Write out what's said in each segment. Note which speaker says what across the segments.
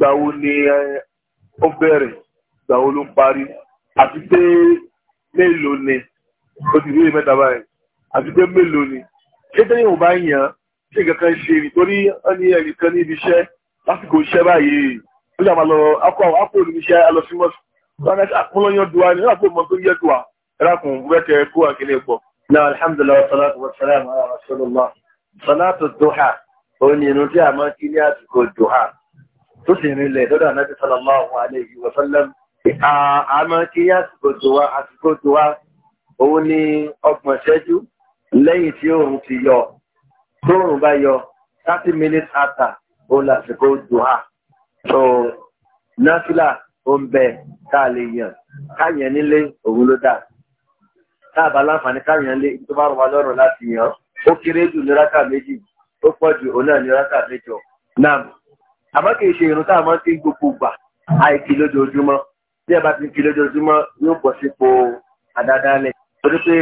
Speaker 1: ìgbà wo ni ó bẹ̀rẹ̀ ìgbà wo ló ń parí àti pé mélòó ni ó ti rí mẹ́ta báyìí àti pé mélòó ni ṣé tẹ́yìn ò bá yàn ṣé nǹkan kan ṣe nítorí wọ́n ní ẹnìkan ní ibi iṣẹ́ lásìkò iṣẹ́ báyìí ó yà máa lọ akọ akọ olùmíṣẹ́ alọ́símọ́sí wọn ah, á pọ́nlọ́yàn dùwà ni wọn á pọ́n mọ́ tó yẹ dùwà ẹ̀rọ kùn wẹ́tẹ̀ kó àkílẹ̀ gbọ́. náà alhamdulilayi wa salatu wa salam ala rasulillah salatu duha òun ni inú tí a máa ń kí ní àsìkò duha tó sì rinlẹ̀ lọ́dọ̀ ànábì sallallahu alayhi wa sallam àmọ́ kí àsìkò tó wá àsìkò tó wá òun ni ọgbọ̀n ṣẹ́jú lẹ́yìn tí oòrùn ti yọ tóòrùn bá yọ thirty minutes after òun làsìkò duha so nafila ó ń bẹ tá a lè yàn káyàn nílé òun ló dà tá a bá láǹfààní káyàn lé tó bá wà lọ́rùn láti yàn ó kéré jù ní rákà méjì ó pọ̀ jù òun náà ní rákà méjọ náà àmọ́ kì í ṣe irun táwọn máa ń ti gbogbo gbà àìkí lójoojúmọ́ bí ẹ bá ti ń kí lójoojúmọ́ yóò bọ̀ sípò àdádálẹ̀ torí pé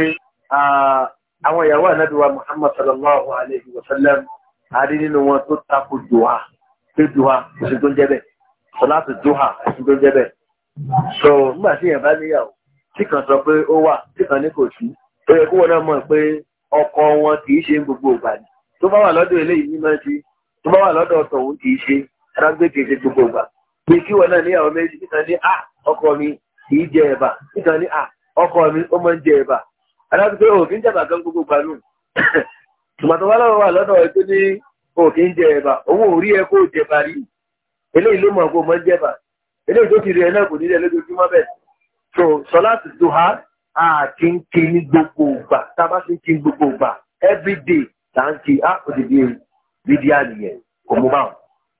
Speaker 1: àwọn ìyàwó ànábìwá Muhammad sallallahu alayhi wa sallam àdé nínú wọn tó takò dùhà pé dùhà ẹ̀sìn tó ń jẹ́ bẹ́ẹ̀ sọláàtù dùhà ẹ̀sìn tó ń jẹ́ bẹ́ẹ̀ so nígbà tí èèyàn bá níyàwó tí kan sọ pé ó wà tí kan ní kò sí ó yẹ kó wọn náà mọ̀ pé ọkọ wọn kì í ṣe gbogbo ìgbà ni tó bá wà lọ́dọ̀ eléyìí ní mọ́ tó bá wà lọ́dọ̀ tọ̀hún kì í ṣe arágbèkè ṣe gbogbo gbà pé wọn náà níyàwó méjì níkan ní à ọkọ mi kì í jẹ ẹ̀bà níkan ní à ọkọ mi ó máa ń jẹ ẹ̀bà arágbèkè òfin jàmbá kan gbogbo gbà nù tòmátò wà lọ́wọ́ wà lọ́dọ̀ ní òkè ń jẹ ẹ̀bà owó orí ẹ kó jẹba eléyìí ló mọ̀ kó ń eléyìí tó ti gbogbo a gbogbo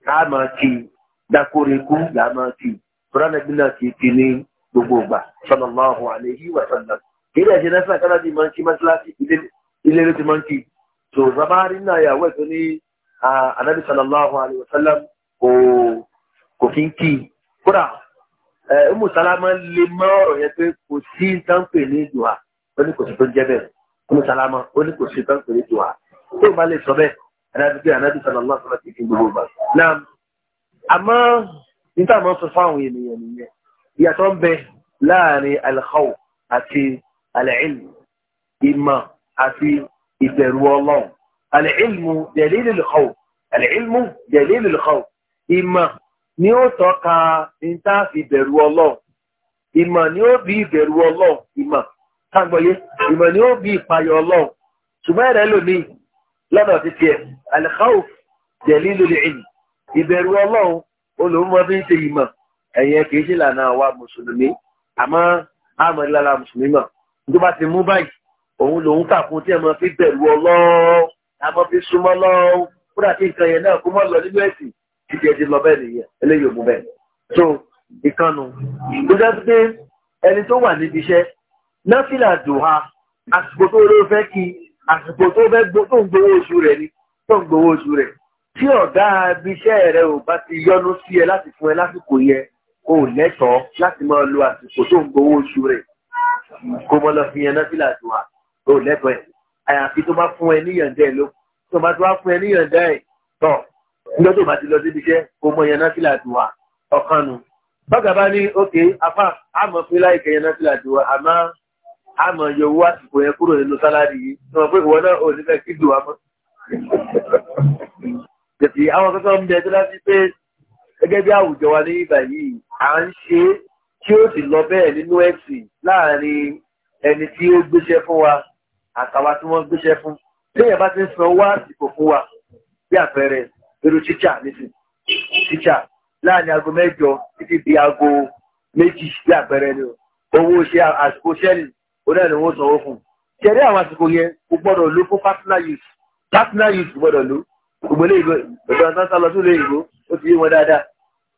Speaker 1: a máa kí dákórekú là á máa kí ránàbí náà kì í kí ní gbogbo ìgbà sallallahu alaihi wa sallam kí ni ẹ̀jẹ̀ náà kánà ti máa ń kí mọ́ṣáláṣí ilé ló ti máa ń kí so bàbá rí náà yàwó ẹ̀ tó ní anabi sallallahu alaihi wa sallam kò kí ń kí anábìgbé anábì sàlọ́lá sọ́lá ti fi gbogbo bá. náà àmọ́ níta àmọ́ sọ fáwọn ènìyàn nìyẹn ìyàtọ̀ ń bẹ láàrin alkhawf àti alilm ìmọ̀ àti ìbẹ̀rù ọlọ́run alilm dẹ̀lẹ́lẹ̀ alkhawf alilm dẹ̀lẹ́lẹ̀ alkhawf ìmọ̀ ni ó tọ́ka níta fi bẹ̀rù ọlọ́run ìmọ̀ ni ó bí ìbẹ̀rù ọlọ́run ìmọ̀ tágbọ̀yé ìmọ̀ ni ó bí ìpayọ̀ ọlọ́run ṣùgbọ́n ẹ̀rẹ́ lòmíì lọ́dọ̀ ti tiẹ̀ al-khawf dalilu al-ilm ìbẹ̀rù ọlọ́run olùmọ̀ bí ń ṣe ìmọ̀ ẹ̀yẹ kìí ṣe lànà àwa mùsùlùmí àmọ́ àmọ́ ìlànà mùsùlùmí mọ̀ tó bá ti mú báyìí òun lòun kà fún tí ẹ mọ fi bẹ̀rù ọlọ́run àmọ́ fi súnmọ́ lọ́run kódà kí nǹkan yẹn náà kó mọ́ lọ nínú ẹ̀sìn títí ẹ ti lọ bẹ́ẹ̀ nìyẹn eléyìí òmù bẹ́ẹ̀ so ìkànnù tó dájú pé ẹni tó wà níbi iṣẹ́ náfìlà dùn àsìkò tó fẹ́ tó ń gbowó oṣù rẹ̀ ni tó ń gbowó oṣù rẹ̀ tí ọ̀gá abiṣẹ́ rẹ̀ ò bá ti yọnu sí ẹ láti fún ẹ lásìkò yẹn o ò lẹ́tọ̀ọ́ láti máa lo àsìkò tó ń gbowó oṣù rẹ̀ kó mọ lọ fi yẹn náà sílẹ̀ àti wà o ò lẹ́tọ̀ọ́ ẹ̀ àyàfi tó bá fún ẹ níyànjẹ́ ló tó bá tó bá fún ẹ níyànjẹ́ ẹ tọ̀ níjọ́ tó bá ti lọ síbi kó mọ yẹn sílẹ̀ àti wà ọ̀kan nù ní ókè afá àmọ̀ fún láìkẹ́ yẹn sílẹ̀ àti wà àmọ́ àmọ́ yọ owó àsìkò yẹn kúrò nínú sálárì yìí tí wọ́n pé ìwọ náà ò ní fẹ́ kí lù wá mọ́. Tètè àwọn akẹ́kọ̀ọ́ ń bẹ tó láti pé gẹ́gẹ́ bí àwùjọ wa ní ìgbà yìí à ń ṣe é tí ó sì lọ bẹ́ẹ̀ nínú ẹ̀sìn láàrin ẹni tí ó gbéṣẹ́ fún wa àtàwa tí wọ́n gbéṣẹ́ fún. Téèyàn bá ti ń san owó àsìkò fún wa bí àpẹẹrẹ irú tíṣà nísìn tíṣà láàrin aago mẹ́jọ títí di aago méjì bí àpẹẹrẹ ni owó ṣe àsìkò ṣẹ́ni orí ẹni wọn sanwó fún un ṣẹlẹ àwọn àsìkò yẹn kò gbọdọ ló fún partner youth partner youth gbọdọ ló gbogbo ilé ìgbò ìgbà tó ń lọ sí ilé ìgbò ó ti yé wọn dáadáa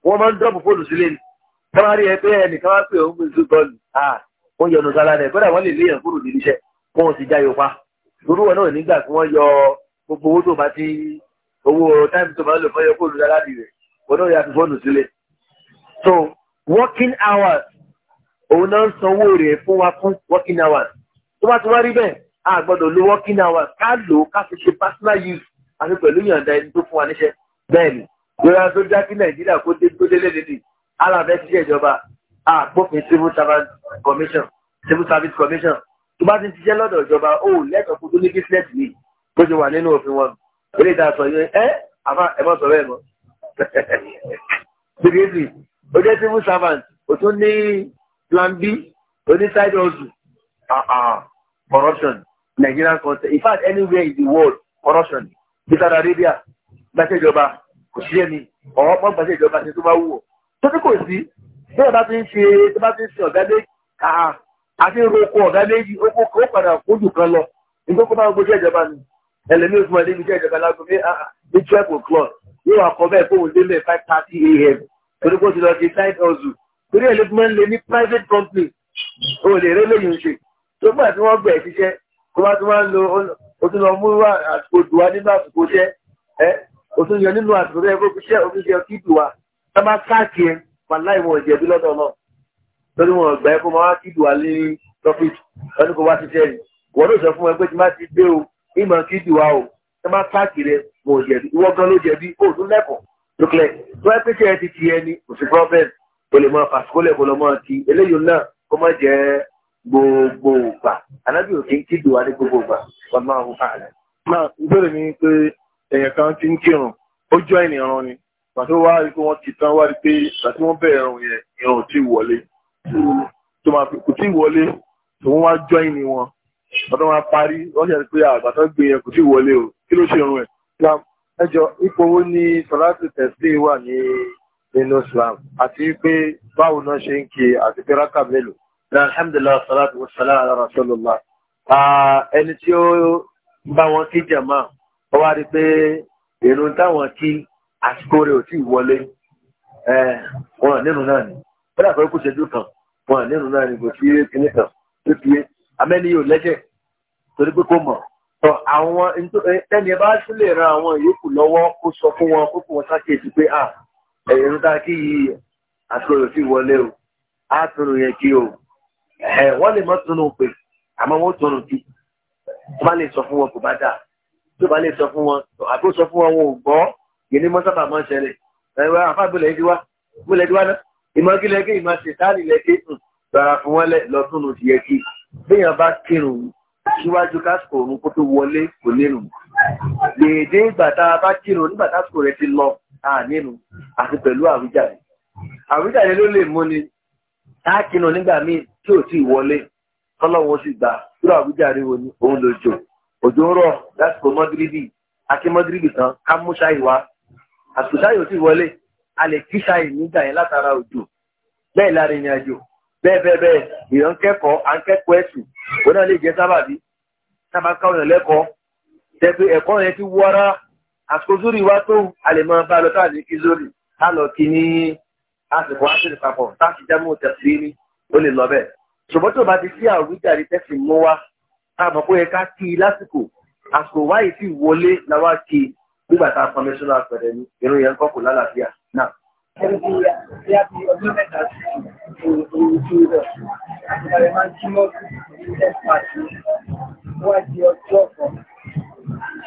Speaker 1: wọn máa ń dọ́ọ̀bù fóònù sílé ni káwọn ẹ pé ẹnìkan wá pé òun gbèsè bọ́ọ̀lù wọn yọnu sára rẹ kódà wọn lè léèyàn kúrò níbi iṣẹ wọn ò sì já yòókà torí wọn náà nígbà tí wọn yọ gbogbo owó tó bá ti owó táìmù tó bá lò fọyọ kóòlù sára rẹ wọn náà yà fi fóònù sílé so working hours òun náà ń sanwó rẹ̀ fún wa fún working hours tó bá ti wá rí bẹ́ẹ̀ a gbọ́dọ̀ lo working hours ká lò ó ká fi ṣe personal use àti pẹ̀lú ìyànda ẹni tó fún wa níṣẹ́ bẹ́ẹ̀ ni lóra tó já kí nàìjíríà kó dé tó délé lédè alàbẹ́ ti ṣèjọba àpòfin civil service commission civil service commission tó bá ti ń ṣiṣẹ́ lọ́dọ̀ ìjọba ó lẹ́tọ̀ọ́ kó tó ní business mi bó ṣe wà nínú òfin wọn eré ìta sọ yẹn ẹ àfa ẹ mọ sọ̀rọ̀ ẹ mọ seriously ó jẹ́ civil servant ó tún ní plan b side oníṣáìdì ọ̀sùn uh-uh. corruption nigerian culture in fact anywhere in the world corruption ní Saudi Arabia gbàṣẹjọba kò sí ẹni ọ̀họ́ pọ́n gbàṣẹjọba ṣe tó bá wù ọ́ tó tí kò sí bí ọba ti ń ṣe tó bá ti ń ṣe ọ̀gá méjì àti roko ọ̀gá méjì ó kó padà kójú kan lọ nígbà kó bá gbogbo jẹ́ ìjọba ni ẹlẹ́mí òfin wà níbi ìjọba lágbo ní twelve o'clock yóò wà kọ́ bẹ́ẹ̀ kó wọ́n délé five thirty a.m. torí kó ti lọ sí side hustle torí ẹ̀ ló fi máa ń ní private company o lè rẹ́ lóyún ṣe tó gbà tí wọ́n gbẹ̀ ṣiṣẹ́ kó bá tún máa ń lo o tún lọ mú àsìkò dùn nínú àsìkò iṣẹ́ ẹ o tún yọ nínú àsìkò rẹ fún iṣẹ́ oníṣẹ́ kí dùn wá tá bá káàkiri ẹ pàláì wọn ìjẹ̀bi lọ́dọ̀ náà lórí wọn gbà ẹ kó máa kí dùn wá ní profit lọ́dún kó wá ṣiṣẹ́ rẹ̀ wọ́n ló sọ fún ẹ pé tí má ti dé o ìmọ̀ kí dùn o tá bá káàkiri ẹ wọn ò jẹ̀bi gan ló jẹ̀bi o tún lẹ́kọ̀ọ́ lókè tó ẹ pé tí ẹ ti ti ẹ ní kò sí o lè máa fàṣkólẹ̀ kó lọ máa ti eléyìí náà kó má jẹ́ gbogbo ìgbà alábì òkè ń kídò wá ní gbogbo ìgbà wọn máa wọ fàálẹ̀. náà ìbéèrè mi ni pé èèyàn kan ti ń kírun ó jọ ènìyàn ni pàtó wá rí pé wọ́n ti tán wá rí pé àti wọ́n bẹ̀rẹ̀ ẹ̀rùn yẹn ìrùn ò tí wọlé tó máa kò tí wọlé tó wọ́n wá jọ ìní wọn ọdún wa parí wọ́n ṣe pé àgbàtàn gbé yẹn kò tí wọlé o kí ló ṣe irun ẹ̀. ẹjọ́ ipò wo ni sọlá ti tẹ̀sí wà ní nínú Islam àti pé báwo náà ṣe ń kí àti pé rákà mélòó. alhamdulilah salatu wa salam ala rasulillah ẹni tí ó bá wọn kí jàmá ó wá rí pé èrò táwọn kí àsìkò rẹ̀ ò tí ì wọlé wọn nínú náà ni wọ́n dàgbà kó ṣẹ́jú kan wọn nínú náà ni kò sí kíní kan tó fi amẹ́ni yóò lẹ́jẹ̀ torí pé kò mọ̀ tọ àwọn ẹni ẹ bá sílè ran àwọn ìyókù lọ́wọ́ kó sọ fún wọn kó kó wọn sákèjì pé ah ẹ̀yìn tá kí yìí àtúrò sí wọlé o á túnú yẹn kí o ẹ̀ wọ́n lè mọ́ túnú pè àmọ́ wọ́n túnú kí tó bá lè sọ fún wọn kò bá dà tó bá lè sọ fún wọn àbó sọ fún wọn wọn ò gbọ́ yìí ni mọ́ sábà máa ń ṣẹlẹ̀ ẹ̀rọ àfáàgbélẹ̀ ti wá gbélẹ̀ ti wá náà ìmọ̀ kí lẹ́kẹ́ ìmọ̀ ṣètàlì lẹ́kẹ́ gbàrà fún wọn lọ túnú ti yẹ kí béèyàn bá kírun síwájú kásìkò òun kó tó wọlé kò nínú dèédé ìgbà bá kírun nígbà kásìkò rẹ ti lọ à nínú àti pẹ̀lú àwíjàre àwíjàre ló lè múni táàkìnà nígbà míì tí ò tí ì wọlé kọ́lọ́wọ́ sì gbà irú àwíjàre wo ni òun ló jò òjò ń rọ̀ lásìkò mọ́gíríbì akí mọ́gíríbì tán ká mú ṣáì wá àsìkò ṣáì ò tí wọlé a lè kí ṣáì nígbà yẹn látara òjò bẹ́ẹ̀ lára ìrìn àjò bẹ́ẹ̀ bẹ́ẹ̀ bẹ́ẹ̀ èèyàn kẹ́kọ̀ọ́ à ń kẹ́kọ̀ọ́ ẹ̀sùn òun náà lè jẹ́ sábàbí sábà káwọn èèyàn lẹ́kọ̀ọ́ tẹ́ pé ẹ̀kọ́ yẹn ti wọ́ra àsìkò zórí wá tó a lè máa bá a lọ káàdì kí zórí tá lọ kí ní àsìkò àṣírí papọ̀ tá a ti jẹ́ mọ́ tẹ̀sí ní ó lè lọ bẹ́ẹ̀. ṣùgbọ́n tó bá ti sí àwíjàre tẹ́sí mú wa tá a mọ̀ pé ká kí i lásìkò àsìkò wáyé sì wọlé làwa kí i nígbà tá a pọnmi sọ́nà àpẹẹrẹ ní irun yẹn kọ́ kò lálàáfíà náà. ẹni tí a ti mẹ́ta sí òòrùn tó àti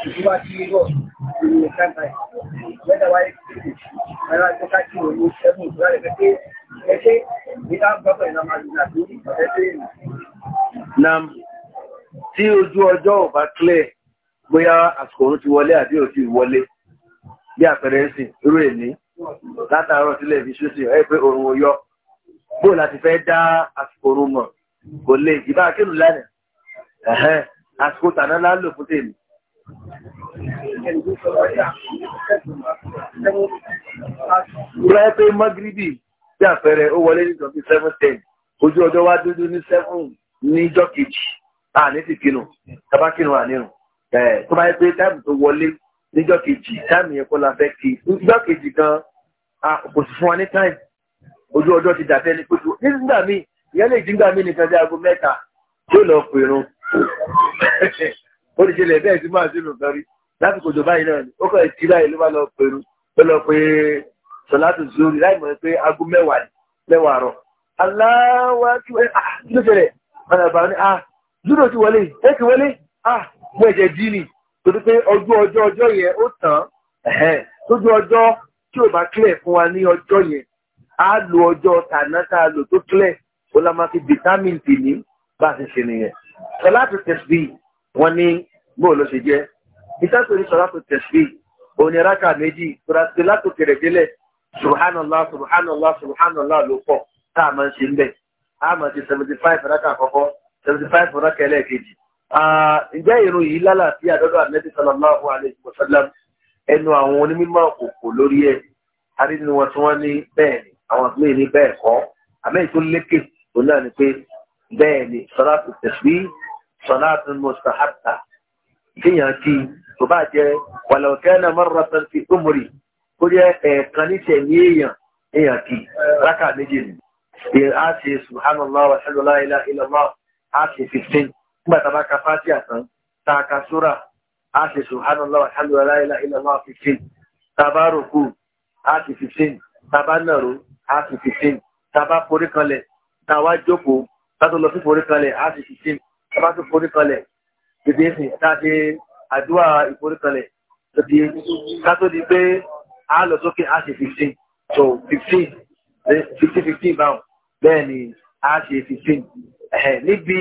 Speaker 1: ìlú àti ìrọ̀ ìròyìn kanta ẹ̀ mẹ́ta wáyé kéde ẹ̀rọ àti káàkiri òun ṣẹ́gun ìgbà rẹ̀ pé ẹ̀ṣẹ́ ìdá gbọ́dọ̀ ìlànà àdúgbò àti ọ̀rẹ́ṣẹ́ ìlú. nam tí ojú ọjọ́ ò bá clear bóyá àsìkò òun ti wọlé àbí ò ti wọlé bí àpẹẹrẹ ń sìn irú èmi látàárọ̀ sílẹ̀ fi ṣúṣì ẹ pé òun ò bó láti fẹ́ dá àsìkò òun mọ̀ kò lè ìbá kínú lánàá àsìkò tàná lálò fún tèmi Ìwọ́n pé Mọ́gíríbì bí àpẹẹrẹ ó wọlé ní twenty seven ten ojú ọjọ́ wá dúdú ní seven níjọ́ kejì àní ti kinu tàbá kinu ànírun tó bá yẹ pé táìmù tó wọlé níjọ́ kejì táìmù yẹn kọ́ la fẹ́ kí níjọ́ kejì gan kò sì fún wa ní táìmù ojú ọjọ́ ti dàtẹ́ ní kótó nígbà míì ìyẹn lè jí nígbà míì nìkan sí aago mẹ́ta tí ó lọ pèrún. ó lè ṣẹlẹ̀ bẹ́ẹ̀ sí máa sínú kan rí lásìkò jọba yìí náà ni ó kàn jí báyìí ló bá lọ pẹ̀rù ó lọ pé sọ̀látù zuri láì mọ̀ pé aago mẹ́wàá ni mẹ́wàá rọ̀ aláwájú ẹ̀ ah kí ló ṣẹlẹ̀ ọ̀nà àbá ni ah zúrò ti wọlé ẹ ti wọlé ah mo ẹ̀jẹ̀ dí ni torí pé ọjọ́ ọjọ́ ọjọ́ yẹn ó tàn án tójú ọjọ́ tí ò bá clear fún wa ní ọjọ́ yẹn á lo ọjọ́ tàná tá a lò tó clear ó la máa fi vitamin tì ní bá a ti ṣe nìyẹn sọ̀látù tẹ̀sí wọ́n ní bóò ló ṣe jẹ́ ìtàkùn ní sọ́lá tó tẹ̀sí òní rákà méjì tòràtì látò kèrè délẹ̀ subhanallah subhanallah subhanallah ló pọ̀ tá a máa ń ṣe ń bẹ̀ a máa ṣe seventy five rákà àkọ́kọ́ seventy five rákà ẹlẹ́ẹ̀kejì ǹjẹ́ ìrun yìí lálàáfíà dọ́dọ̀ ànẹ́bí sallallahu alayhi wa sallam ẹnu àwọn onímọ̀ òkò lórí ẹ̀ arínú wọn tí wọ́n ní bẹ́ẹ̀ ni àwọn àgbẹ̀ ní bẹ́ẹ̀ kọ́ àmẹ́yìn tó lékè òun náà ni pé bẹ́ẹ̀ ni sọ́lá tó tẹ̀sí sọ̀láàtù mustahabba kéèyàn kí kò bá jẹ́ wàlọ̀kẹ́nà marratan fi umri kó jẹ́ ẹ̀ẹ̀kan ní tẹ̀mí èèyàn èèyàn kí rákà méjì ni a ṣe subhanallah wa ṣẹlọ́lá ilá ilọ́lá a ṣe 15 nígbà tá a bá ka fásitì àtàn tá a ka súrà a ṣe subhanallah wa ṣẹlọ́lá ilá ilọ́lá 15 tá a bá tún forí kanlẹ̀ dèdè láti àdúrà ìforí kanlẹ̀ kátó di pé a lọ sókè a ṣe fifteen so fifteen eh, fifteen fifteen báwọn bẹ́ẹ̀ ni a ṣe fifteen níbi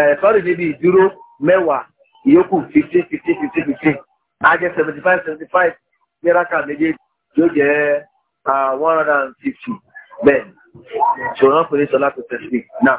Speaker 1: eh, sọ́ọ̀rì níbi ìdúró mẹ́wàá ìyókù fifteen fifteen fifteen a jẹ́ seventy five ní rákà méjèèjì yóò jẹ́ ah, one bẹ́ẹ̀ ni ṣòro náà pè ní sọlá tó tẹ̀sí náà.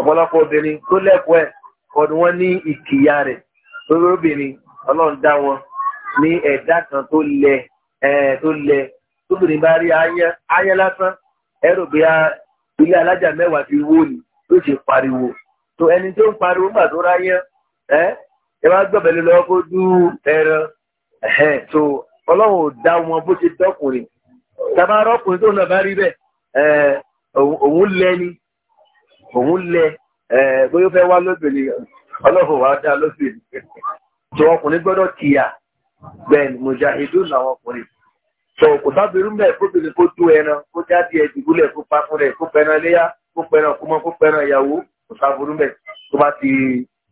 Speaker 1: ọ̀pọ̀lọpọ̀ obìnrin tó lẹ́kọ̀ọ́ ẹ̀ kọ́ ni wọ́n ní ìkìyà rẹ̀ lórí obìnrin ọlọ́run dá wọn ní ẹ̀dá kan tó lẹ tó lẹ tóbìnrin bá rí ayán lásán ẹ̀rọ bí ilé alájà mẹ́wàá fi wó ni tó ṣe pariwo tó ẹni tó ń pariwo gbà tó ráyán ẹ ẹ wá gbọ́bẹ̀ lé lọ́wọ́ kó dú ẹran tó ọlọ́run ò dá wọn bó ṣe dọ́kùnrin tàbá rọ́kùnrin tó náà bá rí bẹ́ẹ̀ òun lẹ́ni òun lẹ bóyá fẹ́ wá lóbìnrin ọlọ́run wá dá lóbìnrin tí ọkùnrin gbọ́dọ̀ kíyà bẹ́ẹ̀ni mùjáhìdù làwọn ọkùnrin tó kò sábẹ́rú mẹ́ kóbìnrin kó dún ẹran kó jáde ẹ̀ dìbúlẹ̀ kó pa fún rẹ̀ kó pẹran léyà kó pẹran kó mọ́ kó pẹran ìyàwó kò sábẹ́rú mẹ́ tó bá ti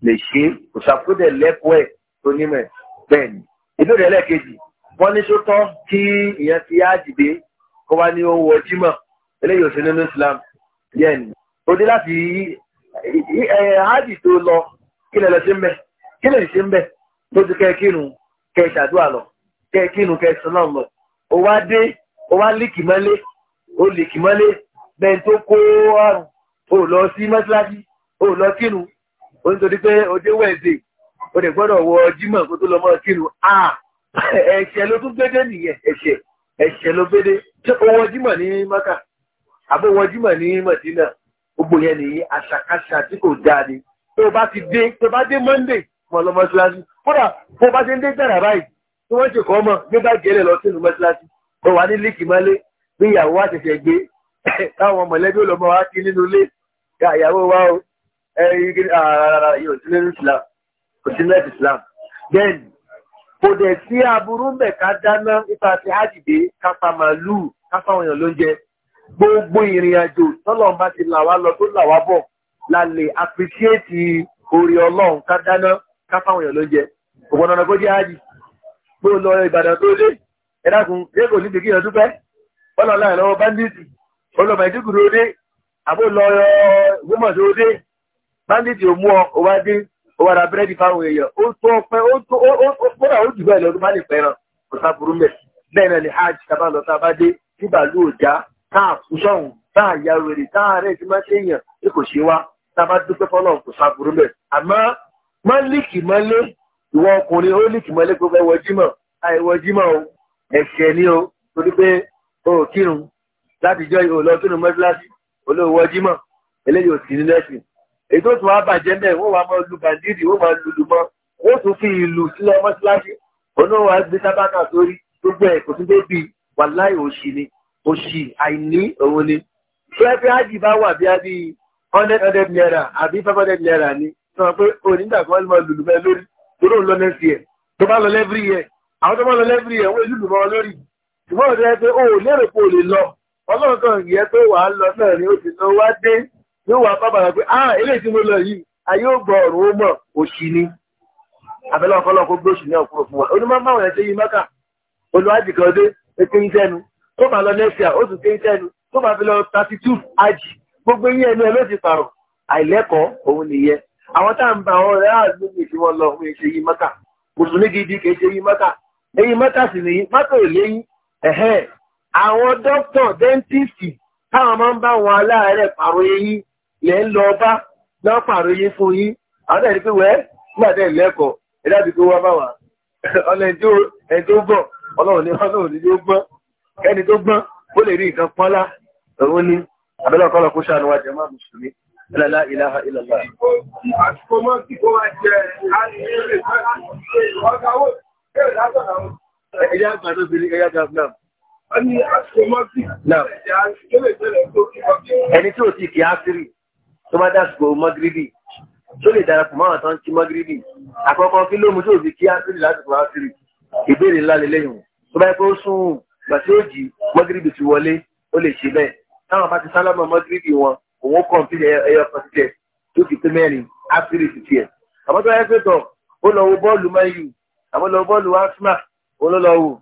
Speaker 1: lè ṣe kò sábẹ́rú dẹ̀ lẹ́kọ̀ọ́ ẹ̀ tó ní mẹ́ bẹ́ẹ̀ni ìbéèrè ẹlẹ́ẹ̀kejì wọ́n ní sótọ́ kí ìyẹn ti yá dìde kó wá ní owó ọjímọ̀ eléyìí ò sí nínú Islam yẹ́nì o láti hajj tó lọ kí lẹ lọ sí mbẹ kí si sí mbẹ tó ti kẹ kírun kẹ ṣàdúrà lọ o wá dé o wá líkì mọ́lé o líkì mọ́lé bẹ́ẹ̀ tó kó o lọ sí mọ́sálásí o lọ kinu o nítorí pé o wẹ̀ẹ́dẹ̀ o lè gbọ́dọ̀ wọ jímọ̀ kó tó lọ mọ́ kírun a ẹ̀ṣẹ̀ ló tún gbédé nìyẹn ẹ̀ṣẹ̀ ẹ̀ṣẹ̀ ló gbédé ṣé o ní mọ́kà wọ ní mọ̀dínà gbogbo yẹn nìyí àṣàkáṣà tí kò dáa ni tó bá ti dé tó bá dé monday wọn lọ mọ́ṣáláṣí kódà tó bá ti ń dé gbàrà báyìí tí wọ́n ṣe kọ́ ọmọ nígbà gẹ́lẹ́ lọ sínú mọ́ṣáláṣí wọn wà ní líkì mọ́lé bí ìyàwó wa ṣẹ̀ṣẹ̀ gbé táwọn mọ̀lẹ́bí olùmọ̀ wa kí nínú ilé ìyàwó wa o ẹ̀yìn àràrà yóò sí nínú islam kò sí nínú islam then kò dẹ̀ sí aburú mẹ́ka dáná nípa ti hajj dé kápá màlúù kápá àwọn èèyàn lóúnjẹ gbogbo ìrìn àjò tọ́lọ̀ ti là wá lọ tó là wá bọ̀ la lè orí ọlọ́run ká dáná ká fáwọn èèyàn ló jẹ òpin ọ̀nà kó jẹ́ pé ó lọ ìbàdàn tó dé ẹ̀dàkùn yé kò níbi kí èèyàn dúpẹ́ báńdíìtì dé àbó lọ ọ wá dé wá ra búrẹ́dì fáwọn èèyàn ó tó ọpẹ́ ó tó ó tá a kú sọ̀hún tá a ya wèrè tá a rẹ̀ ti máa ṣe èèyàn bí kò ṣe wá tá a bá dúpẹ́ fọlọ́ kò sábúrú mẹ́. àmọ́ mọ́líkì mọ́lé ìwọ ọkùnrin ó líkì mọ́lé pé fẹ́ wọ jímọ̀ àìwọ jímọ̀ o ẹ̀ṣẹ̀ ni o torí pé o ò kírun láti jọ ìhò lọ kírun mọ́síláṣí olówó jímọ̀ eléyìí ò sí ní lẹ́sìn. èyí tó tún wá bàjẹ́ mẹ́ wọ́n wá máa lu bàndíìdì wọ́n máa lulu mọ́ wọ́n tún fi ìlú sílẹ̀ mọ́síláṣí oníwà gbé sórí gbogbo ẹ̀ kò tún dé bíi wàláì òṣì ni òṣì àìní òun ni fẹ́ẹ́fẹ́ ájì bá wà bí a bí hundred hundred naira àbí five hundred naira ni sọ pé onígbàgbọ́ ló máa lùlù mẹ́ lórí torí òun lọ next year tó bá lọ lẹ́fìrí yẹ àwọn tó bá lọ lẹ́fìrí yẹ wọ́n lùlù mọ́ lórí ṣùgbọ́n òun rẹ pé ó lérò pé ò lè lọ ọlọ́run kan yẹ pé wàá lọ náà ni ó ti lọ wá dé yóò wá bábàrà pé ah eléyìí tí mo lọ yìí ayé ò gbọ́ ọ̀rùn ó mọ̀ òṣì ni abẹ́lẹ́ ọ̀fọ́lọ́kọ́ gbóṣù ní ọ̀kúrò fún wa onímọ̀ máwọn ẹ̀ kó bá lọ next year oṣù kéńtẹ́nu kó bá fi lọ thirty two àjì gbogbo eyín ẹnu ẹ ló ti pààrọ̀ àìlẹ́kọ̀ọ́ òun nìyẹn àwọn tá à ń ba àwọn ọ̀rẹ́ àgbẹ̀ wọn lọ òun èṣe yìí mọ́tà mùsùlùmí gidi kì í ṣe yìí mọ́tà eyín mọ́tà sì nìyí mọ́tò lẹ́yìn àwọn dókítà táwọn máa ń bá wọn aláàárẹ̀ eyín lẹ́ ń lọ bá lọ́ eyín fún yín àwọn pé wẹ́ẹ́ ẹ̀dá kẹ́ni tó gbọ́n ó lè rí nǹkan pọ́nlá òun ni àbẹ́lẹ̀ kọ́lọ̀ kó ṣàánú wa jẹ́ máa mùsùlùmí ẹlẹ́lá ìlàhà ìlàlá. àsìkò mọ́ kí kó wá jẹ àìsí ìrìnàjò ẹ̀yà àgbàdo bìnrin ẹ̀yà gàfúnà. ẹni tí ò ti kì á sírì tó bá dásìkò mọ́gíríbì tó lè darapọ̀ mọ́ àwọn kí mọ́gíríbì àkọ́kọ́ kí ló mú tó fi kí á sírì lásìkò ìbéèrè ńlá lélẹ́yìn tó bá yẹ sún gbàtí ó jì mọ́gíríbì ti wọlé ó lè ṣe bẹ́ẹ̀ táwọn bá ti sálámà mọ́gíríbì wọn òun kàn fi ẹyọ kan ti tẹ̀ tó fi pé mẹ́rin á fìrì sí tiẹ̀. àmọ́ tó yẹ pé tọ̀ ó lọ wo bọ́ọ̀lù mayu àmọ́ lọ bọ́ọ̀lù asma ó lọ lọ wò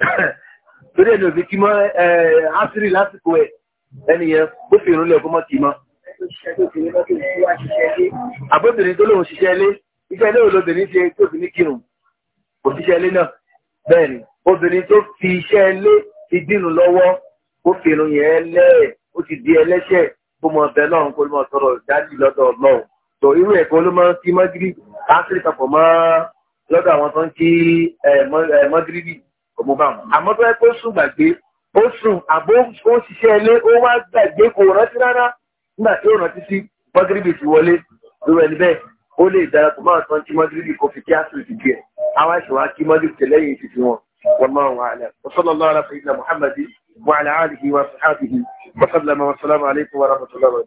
Speaker 1: torí ẹni òfin kí mọ́ asiri lásìkò ẹ̀ ẹnìyẹn bó fi ìrúnlẹ̀ kó mọ́ kì í mọ́. àbóbìnrin tó lóun ṣiṣẹ́ ilé iṣẹ́ ilé òun ṣe tó fi ní kírun kò ilé náà bẹ́ẹ̀ ni obìnrin tó fi iṣẹ́ ilé ti dínú lọ́wọ́ ó fi irun yẹn lẹ́ ó ti di ẹlẹ́ṣẹ̀ kó mọ ọbẹ̀ náà kó mọ sọ̀rọ̀ dájú lọ́dọ̀ ọlọ́run tó irú ẹ̀kọ́ ló máa ń kí mọ́gírì káńtìrì papọ̀ mọ́ lọ́dọ̀ àwọn tó ń kí mọ́gírì bì ọmọ bá wọn. àmọ́ tó yẹ kó sùn gbàgbé ó sùn àbó ó ṣiṣẹ́ ilé ó wá gbàgbé kò rántí rárá nígbà tí ó rántí sí mọ́gírì ti wọlé irú ẹni bẹ́ẹ̀ ó lè darapọ̀ mọ́ àwọn kí mọ́gírì bì fi kí á sùn ìdíje àwọn àìsàn kí mọ́gírì tẹ̀lẹ́yìn والله أعلم وصلى الله على سيدنا محمد وعلى آله وصحبه وسلم والسلام عليكم ورحمة الله وبركاته